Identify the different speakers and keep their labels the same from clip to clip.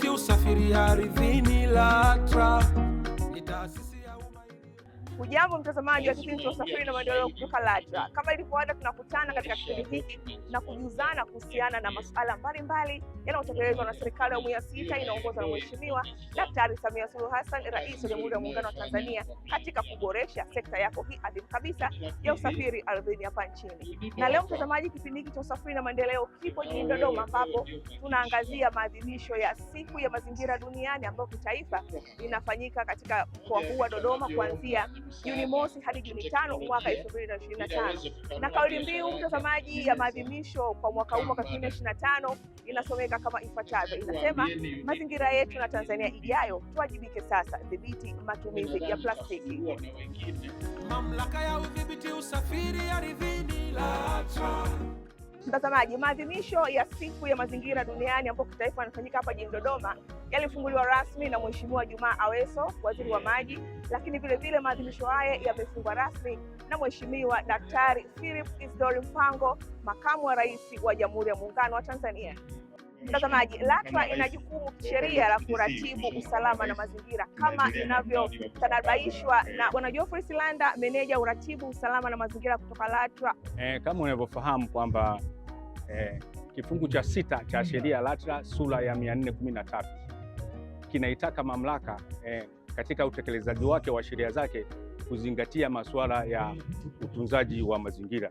Speaker 1: Shiriki usafiri ardhini LATRA. Hujambo mtazamaji wa kipindi cha usafiri na maendeleo kutoka LATRA. Kama ilivyoada tuna kukutana katika kipindi hiki na kujuzana kuhusiana na masuala mbalimbali yanayotekelezwa na serikali ya awamu ya sita inaongozwa na Mheshimiwa Daktari Samia Suluhu Hassan, Rais wa Jamhuri ya Muungano wa Tanzania, katika kuboresha sekta yako hii adhimu kabisa ya usafiri ardhini hapa nchini. Na leo mtazamaji, kipindi hiki cha usafiri na maendeleo kipo jijini Dodoma, ambapo tunaangazia maadhimisho ya siku ya mazingira duniani ambayo kitaifa inafanyika katika mkoa huu wa Dodoma kuanzia Juni mosi hadi Juni tano mwaka elfu mbili na ishirini na tano na kauli mbiu Mbiu mtazamaji ya maadhimisho kwa mwaka huu mwaka 2025 inasomeka kama ifuatavyo, inasema mazingira yetu na Tanzania ijayo, tuwajibike sasa, dhibiti matumizi ya plastiki. Mamlaka ya udhibiti usafiri ardhini LATRA Mtazamaji, maadhimisho ya siku ya mazingira duniani ambayo kitaifa yanafanyika hapa jijini Dodoma yalifunguliwa rasmi na Mheshimiwa Jumaa Aweso, waziri wa maji, lakini vilevile maadhimisho haya yamefungwa rasmi na Mheshimiwa Daktari Philip Isdor Mpango, makamu wa rais wa Jamhuri ya Muungano wa Tanzania. Mtazamaji, LATRA ina jukumu sheria la kuratibu usalama na mazingira kama inavyotanabaishwa na Bwana Geoffrey Silanda, meneja uratibu usalama na mazingira kutoka LATRA.
Speaker 2: Eh, kama unavyofahamu kwamba eh, kifungu cha sita cha sheria ya LATRA sura ya 413 kinaitaka mamlaka eh, katika utekelezaji wake wa sheria zake kuzingatia masuala ya utunzaji wa mazingira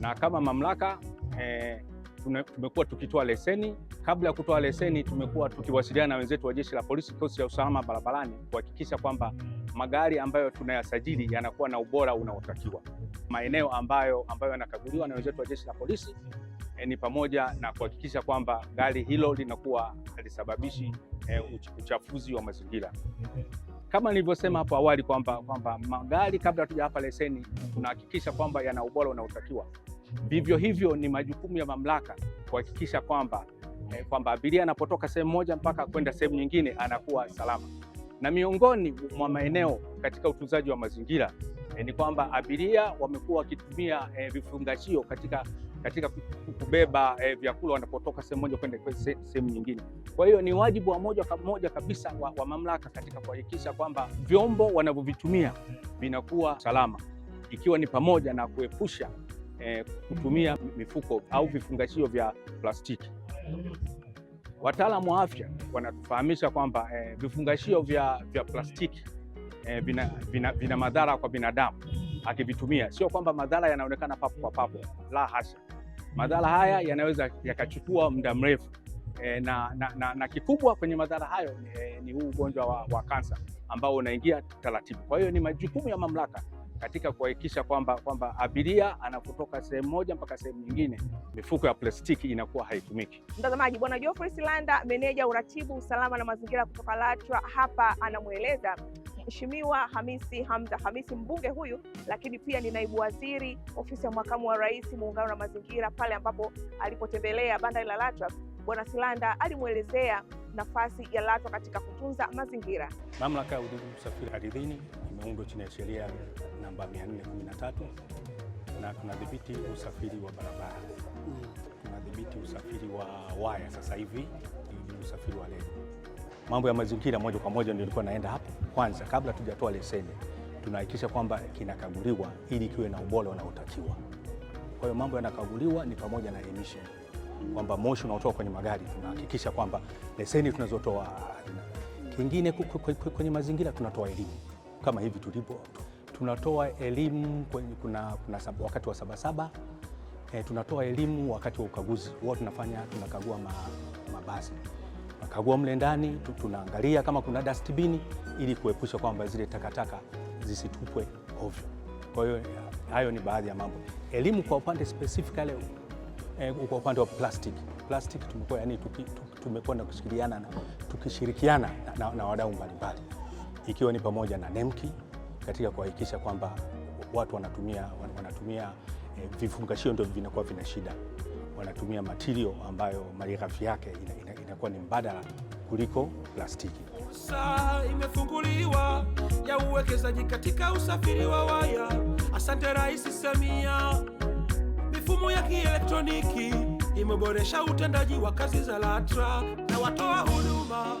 Speaker 2: na kama mamlaka eh, tumekuwa tukitoa leseni. Kabla ya kutoa leseni, tumekuwa tukiwasiliana na wenzetu wa Jeshi la Polisi, kikosi cha usalama barabarani, kuhakikisha kwamba magari ambayo tunayasajili yanakuwa na ubora unaotakiwa. Maeneo ambayo ambayo yanakaguliwa na wenzetu wa Jeshi la Polisi e, ni pamoja na kuhakikisha kwamba gari hilo linakuwa halisababishi e, uchafuzi wa mazingira kama nilivyosema hapo awali kwamba kwamba magari kabla hapa leseni tunahakikisha kwamba yana ubora unaotakiwa. Vivyo hivyo ni majukumu ya mamlaka kuhakikisha kwamba eh, kwamba abiria anapotoka sehemu moja mpaka kwenda sehemu nyingine anakuwa salama. Na miongoni mwa maeneo katika utunzaji wa mazingira eh, ni kwamba abiria wamekuwa wakitumia eh, vifungashio katika katika kubeba eh, vyakula wanapotoka sehemu moja kwenda sehemu nyingine. Kwa hiyo ni wajibu wa moja kwa moja kabisa wa, wa mamlaka katika kuhakikisha kwamba vyombo wanavyovitumia vinakuwa salama, ikiwa ni pamoja na kuepusha eh, kutumia mifuko au vifungashio vya plastiki. Wataalamu wa afya wanatufahamisha kwamba eh, vifungashio vya, vya plastiki eh, vina, vina, vina madhara kwa binadamu akivitumia. Sio kwamba madhara yanaonekana papo kwa papo, la hasha. Madhara haya yanaweza yakachukua muda mrefu eh, na, na, na, na kikubwa kwenye madhara hayo eh, ni huu ugonjwa wa, wa kansa ambao unaingia taratibu. Kwa hiyo ni majukumu ya mamlaka katika kuhakikisha kwamba kwamba abiria anapotoka sehemu moja mpaka sehemu nyingine, mifuko ya plastiki inakuwa haitumiki.
Speaker 1: Mtazamaji, Bwana Geoffrey Silanda, meneja uratibu usalama na mazingira kutoka LATRA, hapa anamweleza Mheshimiwa Hamisi Hamza Hamisi, mbunge huyu, lakini pia ni naibu waziri ofisi ya makamu wa rais muungano na mazingira, pale ambapo alipotembelea bandari la LATRA, Bwana Silanda alimwelezea nafasi ya LATRA katika kutunza mazingira.
Speaker 3: Mamlaka ya udhibiti usafiri ardhini imeundwa chini ya sheria namba 413 na tunadhibiti usafiri wa barabara, tunadhibiti usafiri wa waya, sasa hivi usafiri wa reli. Mambo ya mazingira moja kwa moja ndio ilikuwa naenda hapo kwanza, kabla tujatoa leseni tunahakikisha kwamba kinakaguliwa ili kiwe na ubora unaotakiwa. Kwa hiyo mambo yanakaguliwa ni pamoja na emission kwamba moshi unaotoka kwenye magari tunahakikisha kwamba leseni tunazotoa. Kingine kwenye mazingira tunatoa elimu kama hivi tulipo, tunatoa elimu kuna, kuna wakati wa Sabasaba e, tunatoa elimu wakati wa ukaguzi huwa tunafanya tunakagua ma, mabasi tunakagua mle ndani, tunaangalia kama kuna dastbini ili kuepusha kwamba zile takataka zisitupwe ovyo. Kwa hiyo eh, hayo ni baadhi ya mambo, elimu kwa upande specifically eh, kwa upande wa plastic. Plastic tumekuwa yani tumekuwa na kushirikiana na tukishirikiana na, na, na wadau mbalimbali ikiwa ni pamoja na Nemki katika kuhakikisha kwamba watu wanatumia, wanatumia eh, vifungashio ndio vinakuwa vina shida, wanatumia material ambayo malighafi yake inakuwa ina, ni mbadala kuliko plastiki. imefunguliwa ya uwekezaji katika usafiri wa waya. Asante Rais Samia.
Speaker 1: Elimu ya kielektroniki imeboresha utendaji wa kazi za LATRA na watoa huduma.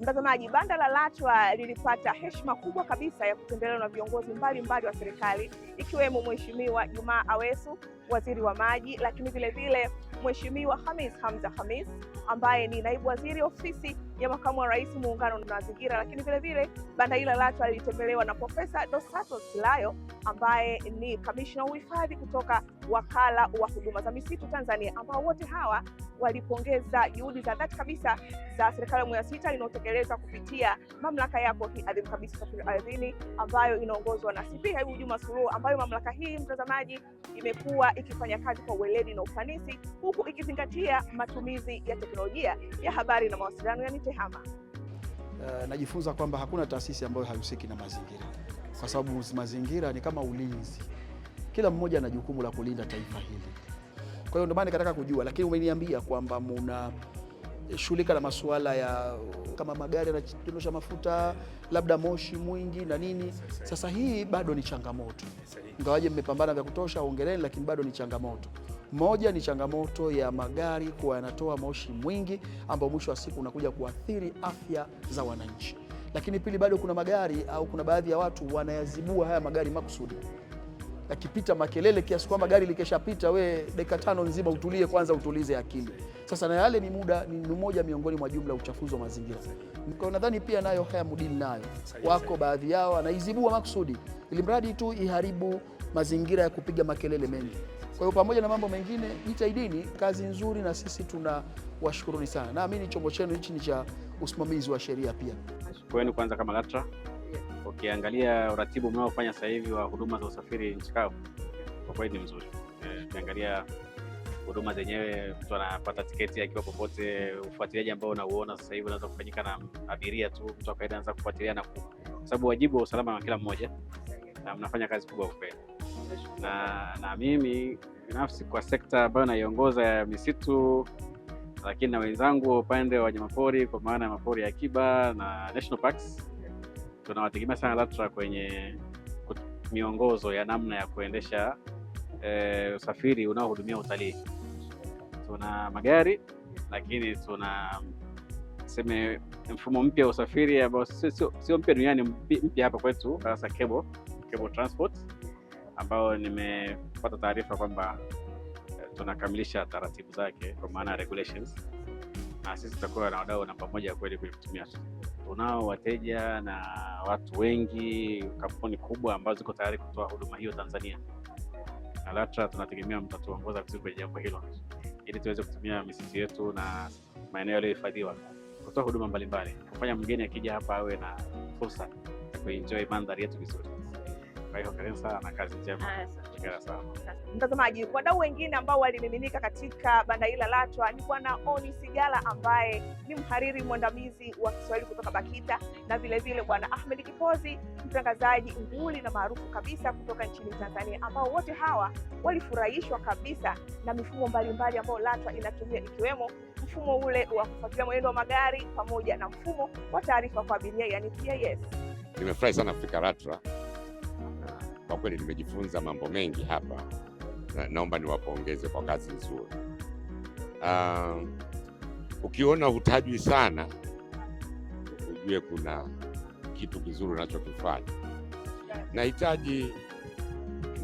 Speaker 1: Mtazamaji, banda la LATRA lilipata heshima kubwa kabisa ya kutembelewa na viongozi mbalimbali wa serikali ikiwemo Mheshimiwa Jumaa Awesu, waziri wa maji, lakini vilevile Mheshimiwa Hamis Hamza Hamis ambaye ni naibu waziri ofisi ya makamu wa rais muungano na mazingira, lakini vilevile banda hilo LATRA lilitembelewa na Profesa Dos Santos Silayo ambaye ni kamishna uhifadhi kutoka wakala wa huduma za misitu Tanzania, ambao wote hawa walipongeza juhudi za dhati kabisa za serikali ya awamu ya sita inayotekeleza kupitia mamlaka yako hii adhimu kabisa usafiri ardhini ambayo inaongozwa na CP Habibu Juma Suluhu, ambayo mamlaka hii mtazamaji, imekuwa ikifanya kazi kwa uweledi na ufanisi, huku ikizingatia matumizi ya teknolojia ya habari na mawasiliano yani TEHAMA?
Speaker 4: Uh, eh, najifunza kwamba hakuna taasisi ambayo haihusiki na mazingira, kwa sababu mazingira ni kama ulinzi. Kila mmoja ana jukumu la kulinda taifa hili. Kwa hiyo ndio maana nikataka kujua, lakini umeniambia kwamba muna shughulika na masuala ya kama magari yanadondosha mafuta, labda moshi mwingi na nini. Sasa hii bado ni changamoto, ingawaje mmepambana vya kutosha, ongereni lakini bado ni changamoto. Moja ni changamoto ya magari kuwa yanatoa moshi mwingi ambao mwisho wa siku unakuja kuathiri afya za wananchi. Lakini pili, bado kuna magari au kuna baadhi ya watu wanayazibua haya magari makusudi, yakipita makelele kiasi kwamba gari likishapita, we dakika tano nzima utulie kwanza, utulize akili. Sasa na yale ni muda ni mmoja miongoni mwa jumla uchafuzi wa mazingira. Kwa nadhani pia nayo haya mudini nayo wako baadhi yao anaizibua makusudi, ili mradi tu iharibu mazingira ya kupiga makelele mengi. Kwa hiyo pamoja na mambo mengine, jitahidini, kazi nzuri, na sisi tuna washukuruni sana. Naamini chombo chenu hichi ni cha usimamizi wa sheria pia
Speaker 5: kwenu, kwanza kama LATRA. Ukiangalia okay, uratibu mnaofanya sasa hivi wa huduma za usafiri nchi kavu kwa kweli ni mzuri. Eh, ukiangalia huduma zenyewe, mtu anapata tiketi akiwa popote. Ufuatiliaji ambao unauona sasa hivi unaweza kufanyika na abiria tu, mtu akaenda anaweza kufuatilia na kwa sababu wajibu wa usalama wa kila mmoja, na mnafanya kazi kubwa kweli, na na mimi binafsi kwa sekta ambayo naiongoza ya misitu, lakini na wenzangu upande wa wanyamapori kwa maana ya mapori ya akiba na national parks, tunawategemea sana LATRA kwenye miongozo ya namna ya kuendesha eh, usafiri unaohudumia utalii. Tuna magari lakini tuna seme mfumo mpya wa usafiri ambao sio mpya duniani, mpya hapa kwetu, hasa cable cable transport, ambao nimepata taarifa kwamba eh, tunakamilisha taratibu zake kwa maana regulations, na sisi tutakuwa na wadau namba moja kweli kwenye kutumia. Tunao wateja na watu wengi, kampuni kubwa ambazo ziko tayari kutoa huduma hiyo Tanzania. LATRA tunategemea mtatuongoza vizuri kwenye jambo hilo ili tuweze kutumia misitu yetu na maeneo yaliyohifadhiwa kutoa huduma mbalimbali, kufanya mgeni akija hapa awe na fursa ya kuenjoy mandhari yetu vizuri. Kwa hiyo karibu sana na kazi njema. Hongera sana.
Speaker 1: Mtazamaji, wadau wengine ambao walimiminika katika banda hili la LATRA ni Bwana Oni Sigala ambaye ni mhariri mwandamizi wa Kiswahili kutoka BAKITA na vilevile Bwana Ahmed Kipozi, mtangazaji nguli na maarufu kabisa kutoka nchini Tanzania, ambao wote hawa walifurahishwa kabisa na mifumo mbalimbali ambayo LATRA inatumia ikiwemo mfumo ule wa kufuatilia mwenendo wa magari pamoja na mfumo wa taarifa kwa abiria yani PIS.
Speaker 6: Nimefurahi sana kufika LATRA kwa kweli nimejifunza mambo mengi hapa na, naomba niwapongeze kwa kazi nzuri. Uh, ukiona hutajwi sana ujue kuna kitu kizuri unachokifanya. Nahitaji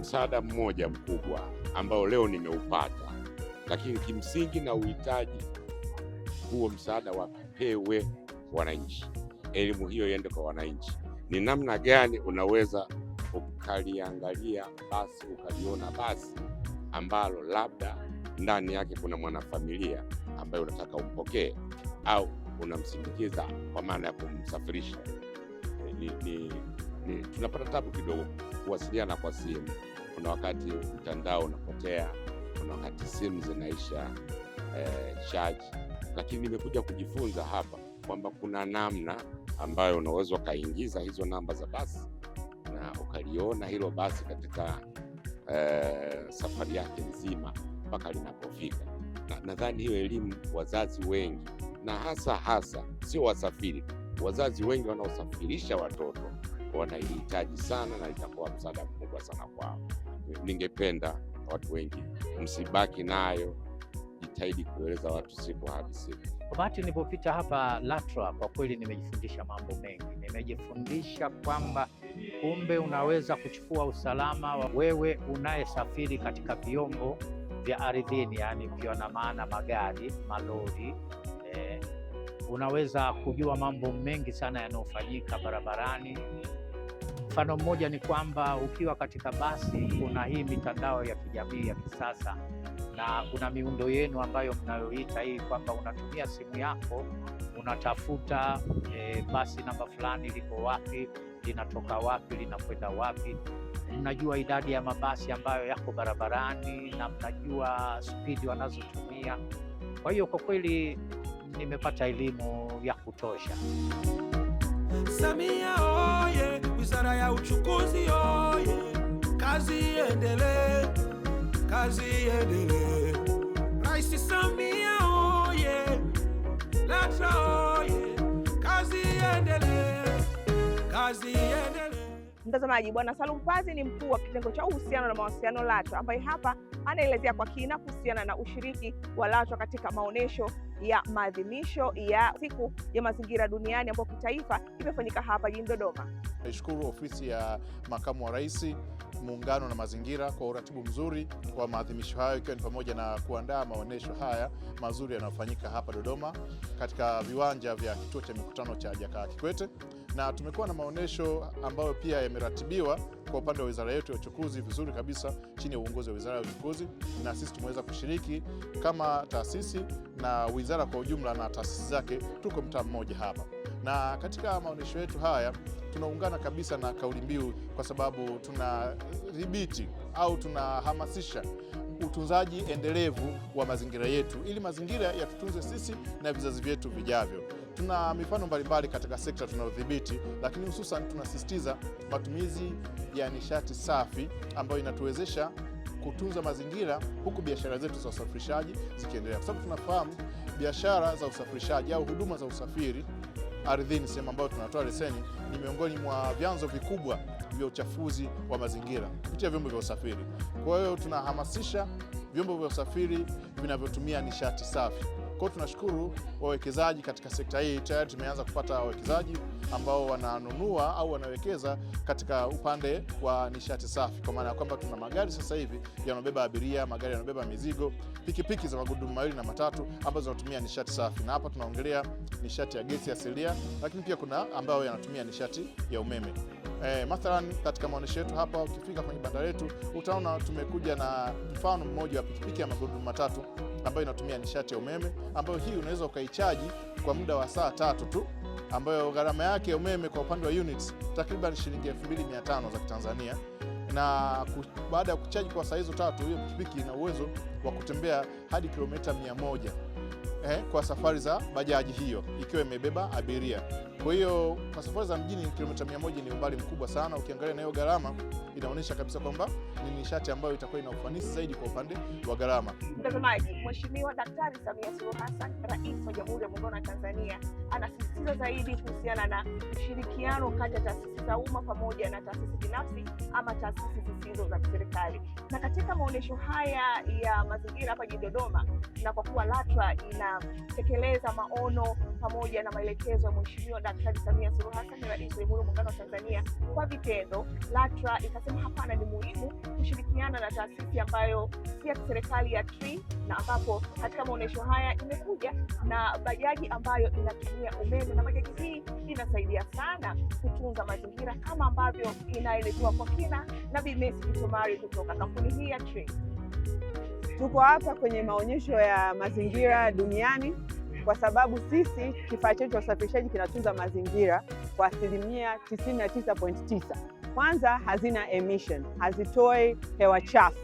Speaker 6: msaada mmoja mkubwa ambao leo nimeupata, lakini kimsingi na uhitaji huo msaada wapewe wananchi, elimu hiyo iende kwa wananchi. Ni namna gani unaweza ukaliangalia basi ukaliona basi ambalo labda ndani yake kuna mwanafamilia ambaye unataka umpokee au unamsindikiza kwa maana ya kumsafirisha. E, ni, ni, ni, tunapata tabu kidogo kuwasiliana kwa simu. Kuna wakati mtandao unapotea, kuna wakati simu zinaisha e, eh, chaji, lakini nimekuja kujifunza hapa kwamba kuna namna ambayo unaweza ukaingiza hizo namba za basi na ukaliona hilo basi katika eh, safari yake nzima mpaka linapofika. Nadhani hiyo elimu wazazi wengi na hasa hasa sio wasafiri, wazazi wengi wanaosafirisha watoto wanaihitaji sana, na litakuwa msaada mkubwa sana kwao. Ningependa watu wengi msibaki nayo najitahidi kueleza watu siku hadi siku.
Speaker 7: Wakati nilipopita hapa LATRA, kwa kweli nimejifundisha mambo mengi. Nimejifundisha kwamba kumbe unaweza kuchukua usalama wa wewe unayesafiri katika vyombo vya ardhini, yani vyo na maana magari, malori eh, unaweza kujua mambo mengi sana yanayofanyika barabarani. Mfano mmoja ni kwamba ukiwa katika basi, kuna hii mitandao ya kijamii ya kisasa na kuna miundo yenu ambayo mnayoita hii kwamba unatumia simu yako unatafuta e, basi namba fulani liko wapi, linatoka wapi, linakwenda wapi. Mnajua idadi ya mabasi ambayo yako barabarani na mnajua spidi wanazotumia. Kwa hiyo kwa kweli nimepata elimu ya kutosha. Samia oye! Wizara ya Uchukuzi oye! Kazi iendelee! kazi iendelee.
Speaker 1: Rais Samia oye, LATRA oye, kazi iendelee, kazi iendelee. Mtazamaji, Bwana Salum Pazi ni mkuu wa kitengo cha uhusiano na mawasiliano LATRA, ambaye hapa anaelezea kwa kina kuhusiana na ushiriki wa LATRA katika maonyesho ya maadhimisho ya siku ya mazingira duniani ambayo kitaifa imefanyika hapa jijini Dodoma.
Speaker 8: Naishukuru ofisi ya makamu wa rais muungano na mazingira kwa uratibu mzuri wa maadhimisho hayo ikiwa ni pamoja na kuandaa maonyesho haya mazuri yanayofanyika hapa Dodoma katika viwanja vya kituo cha mikutano cha Jakaya Kikwete na tumekuwa na maonyesho ambayo pia yameratibiwa kwa upande wa wizara yetu ya uchukuzi vizuri kabisa chini ya uongozi wa wizara ya uchukuzi, na sisi tumeweza kushiriki kama taasisi na wizara kwa ujumla na taasisi zake, tuko mtaa mmoja hapa, na katika maonyesho yetu haya tunaungana kabisa na kauli mbiu, kwa sababu tunadhibiti au tunahamasisha utunzaji endelevu wa mazingira yetu ili mazingira yatutunze sisi na vizazi vyetu vijavyo. Tuna mifano mbalimbali katika sekta tunayodhibiti, lakini hususan tunasisitiza matumizi ya nishati safi ambayo inatuwezesha kutunza mazingira huku biashara zetu za usafirishaji zikiendelea, kwa sababu tunafahamu biashara za usafirishaji au huduma za usafiri ardhini, sehemu ambayo tunatoa leseni, ni miongoni mwa vyanzo vikubwa vya uchafuzi wa mazingira kupitia vyombo vya usafiri. Kwa hiyo tunahamasisha vyombo vya usafiri vinavyotumia nishati safi kwao. tunashukuru wawekezaji katika sekta hii, tayari tumeanza kupata wawekezaji ambao wananunua au wanawekeza katika upande wa nishati safi, kwa maana ya kwamba tuna magari sasa hivi yanabeba abiria, magari yanabeba mizigo, pikipiki za magurudumu mawili na matatu ambazo zinatumia nishati safi, na hapa tunaongelea nishati ya gesi asilia, lakini pia kuna ambayo yanatumia nishati ya umeme. E, mathalan katika maonyesho yetu hapa, ukifika kwenye banda letu utaona tumekuja na mfano mmoja wa pikipiki ya magurudumu matatu ambayo inatumia nishati ya umeme, ambayo hii unaweza ukaichaji kwa muda wa saa tatu tu, ambayo gharama yake ya umeme kwa upande wa units takriban shilingi 2500 za Kitanzania na baada ya kuchaji kwa saa hizo tatu, hiyo pikipiki ina uwezo wa kutembea hadi kilomita 100 eh, kwa safari za bajaji hiyo ikiwa imebeba abiria. Kwa hiyo kwa safari za mjini kilomita 100 ni umbali mkubwa sana, ukiangalia na hiyo gharama inaonyesha kabisa kwamba ni nishati ambayo itakuwa ina ufanisi zaidi kwa upande wa gharama.
Speaker 1: Mtazamaji, Mheshimiwa Daktari Samia Suluhu Hassan, Rais wa Jamhuri ya Muungano wa Tanzania, anasisitiza zaidi kuhusiana na ushirikiano kati ya taasisi za umma pamoja na taasisi binafsi ama taasisi zisizo za serikali. Na katika maonyesho haya ya mazingira hapa jijini Dodoma, na kwa kuwa LATRA ina kutekeleza maono pamoja na maelekezo ya Mheshimiwa Daktari Samia Suluhu Hassan, Rais wa Jamhuri ya Muungano wa Tanzania kwa vitendo, LATRA ikasema hapana, ni muhimu kushirikiana na taasisi ambayo pia serikali ya TRI, na ambapo katika maonyesho haya imekuja na bajaji ambayo inatumia umeme, na bajaji hii inasaidia sana kutunza mazingira kama ambavyo inaelezewa kwa kina na Bimesi Kitomari kutoka kampuni hii ya TRI.
Speaker 9: Tuko hapa kwenye maonyesho ya mazingira duniani kwa sababu sisi kifaa chetu cha usafirishaji kinatunza mazingira kwa asilimia 99.9. Kwanza, hazina emission, hazitoi hewa chafu,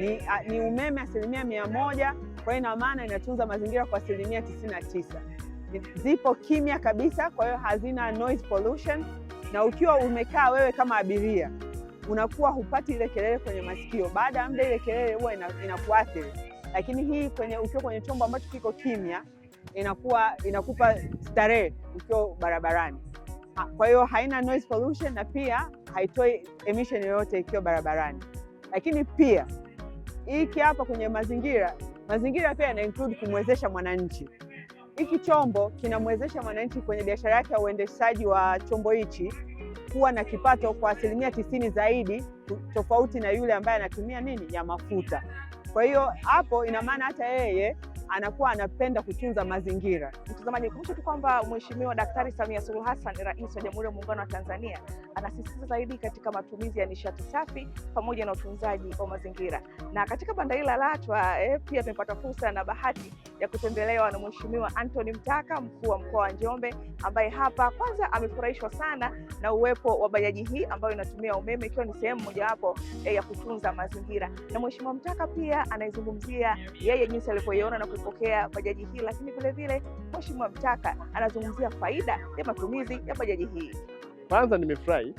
Speaker 9: ni, ni umeme asilimia mia moja. Kwa hiyo ina maana inatunza mazingira kwa asilimia 99. Zipo kimya kabisa, kwa hiyo hazina noise pollution, na ukiwa umekaa wewe kama abiria unakuwa hupati ile kelele kwenye masikio. Baada ya muda ile kelele huwa inakuathiri ina, lakini hii kwenye ukiwa kwenye chombo ambacho kiko kimya inakuwa inakupa starehe ukiwa barabarani. Kwa hiyo haina noise pollution na pia haitoi emission yoyote ikiwa barabarani. Lakini pia hiki hapa kwenye mazingira, mazingira pia yana include kumwezesha mwananchi. Hiki chombo kinamwezesha mwananchi kwenye biashara yake ya uendeshaji wa chombo hichi kuwa na kipato kwa asilimia tisini zaidi tofauti na yule ambaye anatumia nini ya mafuta. Kwa hiyo hapo ina maana hata yeye anakuwa anapenda kutunza mazingira.
Speaker 1: Mtazamaji, nikumbushe tu kwamba Mheshimiwa Daktari Samia Suluhu Hassan, Rais wa Jamhuri ya Muungano wa Tanzania, anasisitiza zaidi katika matumizi ya nishati safi pamoja na utunzaji wa mazingira. Na katika hili la Latwa eh, pia tumepata fursa na bahati ya kutembelewa na Mheshimiwa Anthony Mtaka, mkuu wa mkoa wa Njombe, ambaye hapa kwanza amefurahishwa sana na uwepo wa bajaji hii ambayo inatumia umeme ikiwa ni sehemu mojawapo eh, ya kutunza mazingira. Na Mheshimiwa Mtaka pia anaizungumzia yeye jinsi alivyoiona na kulipokea bajaji hii, lakini vilevile Mheshimiwa Mtaka anazungumzia faida ya matumizi ya bajaji hii.
Speaker 10: Kwanza nimefurahi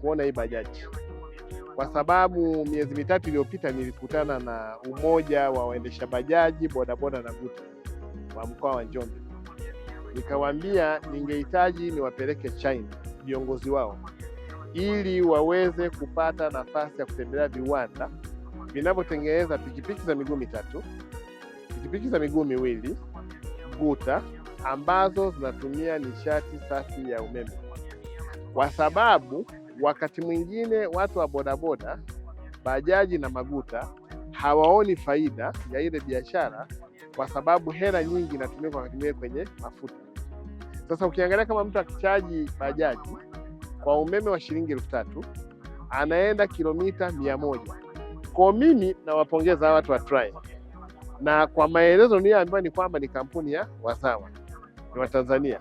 Speaker 10: kuona hii bajaji kwa sababu miezi mitatu iliyopita nilikutana na umoja wa waendesha bajaji bodaboda na guta wa mkoa wa Njombe, nikawaambia ningehitaji niwapeleke China viongozi wao ili waweze kupata nafasi ya kutembelea viwanda vinavyotengeneza pikipiki za miguu mitatu pikipiki za miguu miwili guta ambazo zinatumia nishati safi ya umeme, kwa sababu wakati mwingine watu wa bodaboda, bajaji na maguta hawaoni faida ya ile biashara, kwa sababu hela nyingi inatumika wakati mwingine kwenye mafuta. Sasa ukiangalia kama mtu akichaji bajaji kwa umeme wa shilingi elfu tatu anaenda kilomita mia moja. Kwa mimi nawapongeza watu wa na kwa maelezo niliyoambiwa ni kwamba ni kampuni ya wazawa ni Watanzania.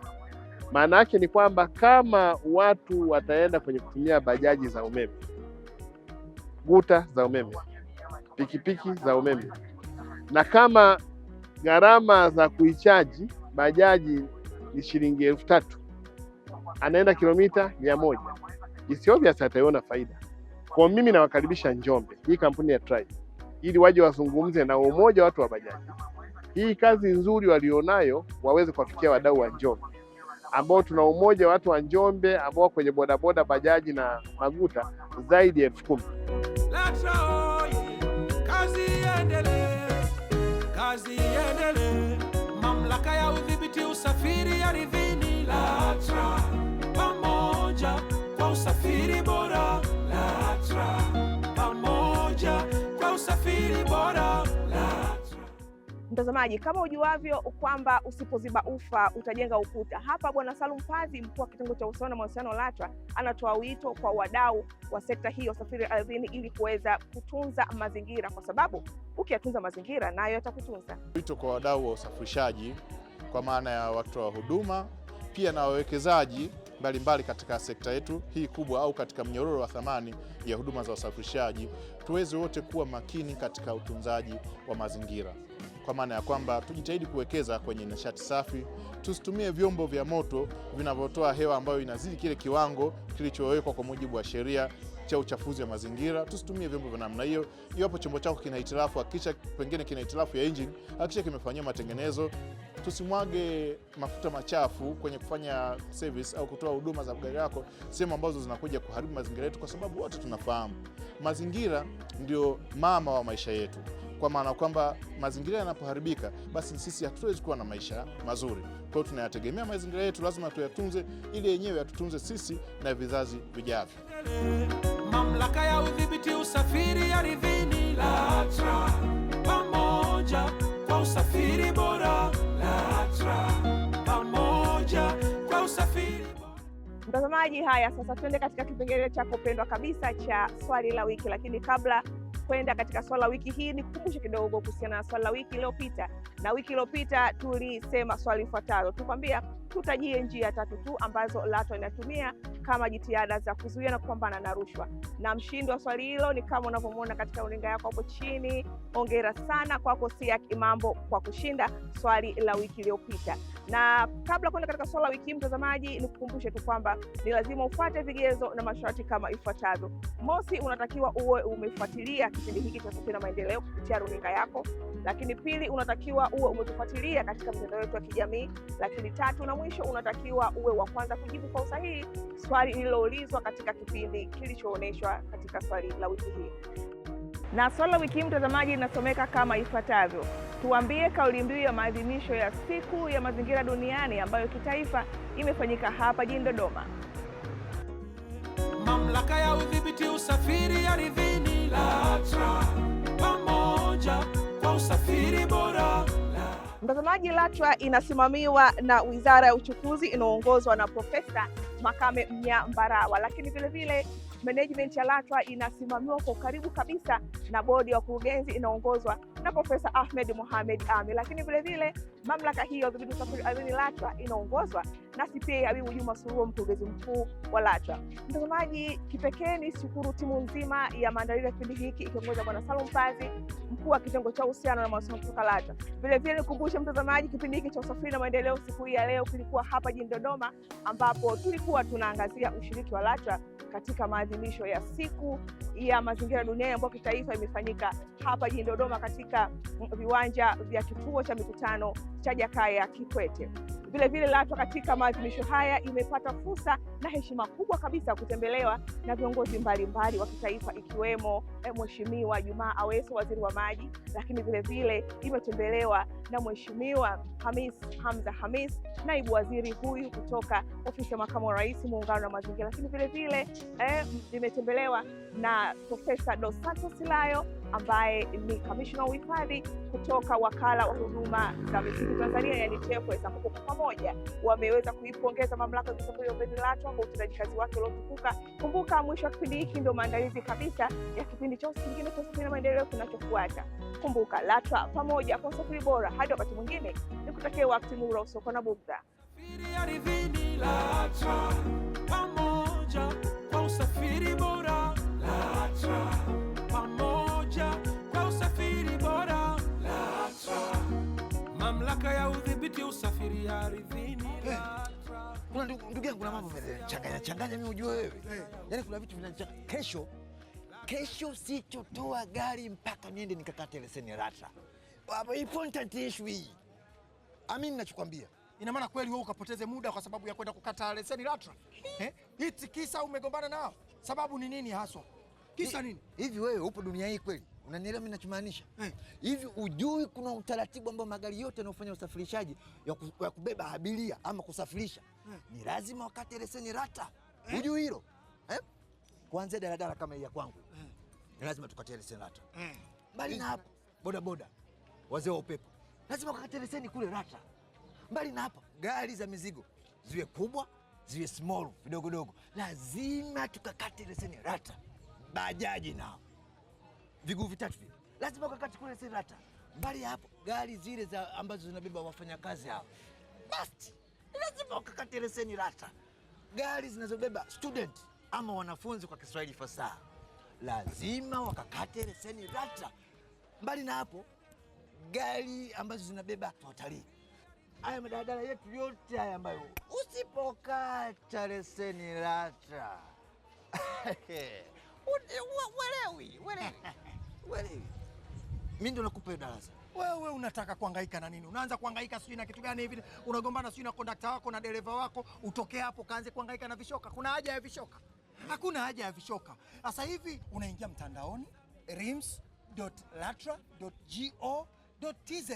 Speaker 10: Maana yake ni kwamba kama watu wataenda kwenye kutumia bajaji za umeme, guta za umeme, pikipiki za umeme, na kama gharama za kuichaji bajaji ni shilingi elfu tatu anaenda kilomita mia moja, it's ataiona faida. Kwa mimi nawakaribisha Njombe, hii kampuni ya Tribe ili waje wazungumze na umoja watu wa bajaji, hii kazi nzuri walionayo waweze kuwafikia wadau wa Njombe ambao tuna umoja watu wa Njombe ambao kwenye bodaboda bajaji na maguta zaidi ya elfu kumi. Kazi iendelee, kazi iendelee. Mamlaka ya udhibiti usafiri ardhini LATRA,
Speaker 1: pamoja kwa usafiri bora. Mtazamaji, kama ujuavyo kwamba usipoziba ufa utajenga ukuta, hapa Bwana Salum Pazi, mkuu wa kitengo cha uhusiano na mahusiano LATRA, anatoa wito kwa wadau wa sekta hii ya usafiri ardhini ili kuweza kutunza mazingira, kwa sababu ukiyatunza mazingira nayo yatakutunza.
Speaker 8: Wito kwa wadau wa usafirishaji kwa maana ya watoa huduma pia na wawekezaji mbalimbali katika sekta yetu hii kubwa au katika mnyororo wa thamani ya huduma za usafirishaji, tuweze wote kuwa makini katika utunzaji wa mazingira kwa maana ya kwamba tujitahidi kuwekeza kwenye nishati safi, tusitumie vyombo vya moto vinavyotoa hewa ambayo inazidi kile kiwango kilichowekwa kwa mujibu wa sheria cha uchafuzi wa mazingira. Tusitumie vyombo vya namna hiyo. Iwapo chombo chako kina hitilafu, hakikisha pengine kina hitilafu ya injini, hakikisha kimefanyia matengenezo. Tusimwage mafuta machafu kwenye kufanya service au kutoa huduma za gari yako sehemu ambazo zinakuja kuharibu mazingira yetu, kwa sababu wote tunafahamu mazingira ndio mama wa maisha yetu kwa maana kwamba mazingira yanapoharibika, basi sisi hatuwezi kuwa na maisha mazuri. Kwa hiyo tunayategemea mazingira yetu, lazima tuyatunze ili yenyewe yatutunze sisi na vizazi vijavyo. Mamlaka ya udhibiti usafiri ardhini LATRA, pamoja
Speaker 1: kwa usafiri bora. LATRA, pamoja kwa usafiri Mtazamaji, haya sasa, tuende katika kipengele chako pendwa kabisa cha swali la wiki, lakini kabla kwenda katika swala la wiki hii, ni nikukumbushe kidogo kuhusiana na swala la wiki iliyopita. Na wiki iliyopita tulisema swali lifuatalo, tukwambia tutajie njia tatu tu ambazo LATRA inatumia kama jitihada za kuzuia na kupambana na rushwa, na mshindi wa swali hilo ni kama unavyomwona katika runinga yako hapo chini. Hongera sana kwako Siak Kimambo kwa kushinda swali la wiki iliyopita. Na kabla kwenda katika swala la wiki hii, mtazamaji, nikukumbushe tu kwamba ni lazima ufuate vigezo na masharti kama ifuatavyo. Mosi, unatakiwa uwe umefuatilia kufuatilia kipindi hiki cha na Maendeleo kupitia runinga yako, lakini pili, unatakiwa uwe umetufuatilia katika mitandao yetu ya kijamii, lakini tatu na mwisho, unatakiwa uwe wa kwanza kujibu kwa usahihi swali lililoulizwa katika kipindi kilichoonyeshwa katika swali la wiki hii. Na swali la wiki hii, mtazamaji, linasomeka kama ifuatavyo: tuambie kauli mbiu ya maadhimisho ya siku ya mazingira duniani ambayo kitaifa imefanyika hapa jijini Dodoma. Mamlaka ya udhibiti usafiri ardhini LATRA pamoja kwa usafiri bora. Mtazamaji, LATRA inasimamiwa na Wizara ya Uchukuzi inayoongozwa na Profesa Makame Mnyambarawa, lakini vilevile management ya LATRA inasimamiwa kwa ukaribu kabisa na bodi ya wakurugenzi inaongozwa na Profesa Ahmed Mohamed Ami, lakini vilevile mamlaka hiyo ya usafiri ardhini LATRA inaongozwa nasi pia Habibu Juma Suluo, mkurugenzi mkuu wa LATRA. Mtazamaji, kipekee ni shukuru timu nzima ya maandalizi ya kipindi hiki ikiongoza Bwana Salum Pazi, mkuu wa kitengo cha uhusiano na mawasiliano kutoka LATRA. Vilevile nikumbushe mtazamaji, kipindi hiki cha usafiri na maendeleo siku hii ya leo kilikuwa hapa jijini Dodoma, ambapo tulikuwa tunaangazia ushiriki wa LATRA katika maadhimisho ya siku ya mazingira duniani ambayo kitaifa imefanyika hapa jijini Dodoma katika viwanja vya kituo cha mikutano cha Jakaya Kikwete. Vilevile LATRA katika maadhimisho haya imepata fursa na heshima kubwa kabisa kutembelewa na viongozi mbalimbali wa kitaifa ikiwemo eh, Mheshimiwa Jumaa Aweso, waziri wa maji, lakini vilevile imetembelewa na Mheshimiwa Hamis Hamza Hamis, naibu waziri huyu kutoka ofisi ya makamu wa rais, muungano na mazingira, lakini vilevile eh, imetembelewa na Profesa Dos Santos Silayo ambaye ni kamishna wa uhifadhi kutoka wakala wa huduma za misitu Tanzania, yani TEPWS, ambapo kwa pamoja wameweza kuipongeza mamlaka ya kusambaza ya ubeni LATRA kwa utendaji kazi wake uliotukuka. Kumbuka, mwisho wa kipindi hiki ndio maandalizi kabisa ya kipindi cha kingine cha usafiri na maendeleo kinachofuata. Kumbuka, LATRA pamoja kwa usafiri bora. Hadi wakati mwingine, kutakia wakati mura usoko na bukta. pamoja kwa usafiri bora. LATRA
Speaker 11: usafiri bora LATRA, mamlaka ya udhibiti usafiri ardhini. Eh, eh. Kuna ndugu yangu mambo changanya mimi, ujue wewe hey. Eh. Yaani kuna vitu Kesho kesho gari mpaka niende nikakate leseni LATRA. Important issue hii, amini nachokwambia. Ina maana kweli wewe ukapoteze muda kwa sababu ya kwenda kukata leseni LATRA eh? kisa umegombana nao, sababu ni nini haswa? Kisa nini hivi? Wewe upo dunia hii kweli? Unanielewa mimi nachomaanisha eh. Hivi hey, ujui kuna utaratibu ambao magari yote yanayofanya usafirishaji ya kubeba abiria ama kusafirisha hey, eh. ni lazima wakati leseni rata hey. Eh. Ujui hilo hey? Kuanzia daladala kama hii ya kwangu hey, ni lazima tukatie leseni rata hey. Mbali na hapo bodaboda, wazee wa upepo lazima wakati leseni kule rata. Mbali na hapo gari za mizigo ziwe kubwa ziwe small vidogodogo, lazima tukakate leseni rata. Bajaji nao viguu vitatu vile, lazima kakati kule Serata. Mbali hapo gari zile za ambazo zinabeba wafanyakazi hao, basi lazima ukakate leseni Rata. Gari zinazobeba student ama wanafunzi kwa Kiswahili fasaha lazima wakakate leseni Rata. Mbali na hapo, gari ambazo zinabeba watalii, haya madaladala yetu yote haya ambayo usipokata leseni Rata Uelewi, uelewi, uelewi. Mimi ndo nakupa darasa. Wewe unataka kuhangaika na nini? Unaanza kuhangaika sijui na kitu gani hivi, unagombana sijui na kondakta wako na dereva wako, utoke hapo kaanze kuhangaika na vishoka. Kuna haja ya vishoka? Hakuna haja ya vishoka. Sasa hivi unaingia mtandaoni rims.latra.go.tz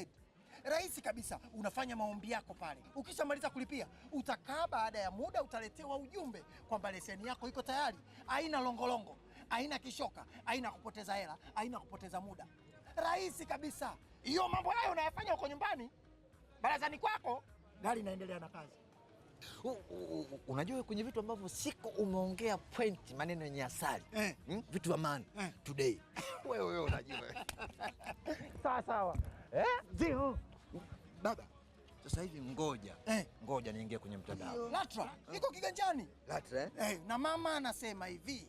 Speaker 11: rahisi kabisa, unafanya maombi yako pale. Ukishamaliza kulipia, utakaa baada ya muda utaletewa ujumbe kwamba leseni yako iko tayari, haina longolongo haina kishoka, haina kupoteza hela, haina kupoteza muda, rahisi kabisa. Hiyo mambo hayo unayafanya huko nyumbani barazani kwako, gari inaendelea na kazi. unajua kwenye vitu ambavyo siko umeongea point maneno yenye asali eh, hmm? vitu vya maana eh, today wewe wewe unajua sawa sawa eh? Ndio dada sasa hivi ngoja eh, ngoja niingie kwenye mtandao LATRA iko kiganjani LATRA eh? Eh, na mama anasema hivi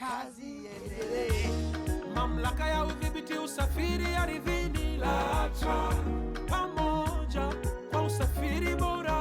Speaker 11: kazi iendelee. Mamlaka ya udhibiti usafiri ardhini LATRA, pamoja kwa usafiri bora.